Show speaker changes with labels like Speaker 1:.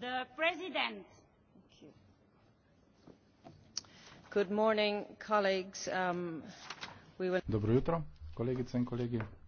Speaker 1: the president.
Speaker 2: Good morning, colleagues. Um, we will.
Speaker 3: Dobro jutro, kolegice in kolegi.